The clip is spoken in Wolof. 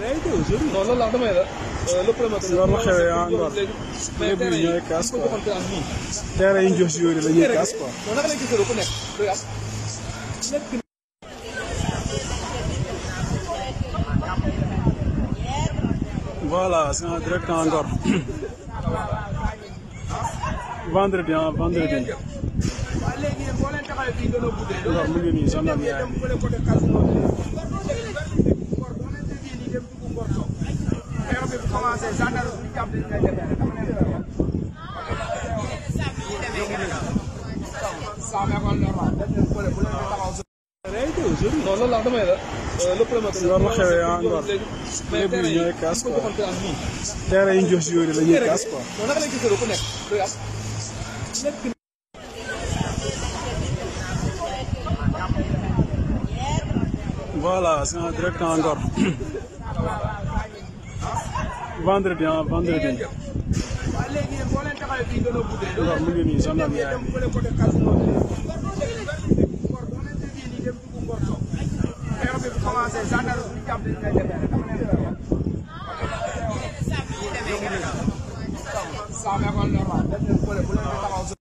réalité eh, aujourd'hui non loolu yi ñooy kaas quoi terrain yi ñu vendredi ah vendredi. Ndor bi commencé gendarme bi euh, yi vendredi ah vendredi. waaw léegi yéen boo leen taxawee fii gën a guddee. waaw mu ngi nii gendarme yaa ngi nii.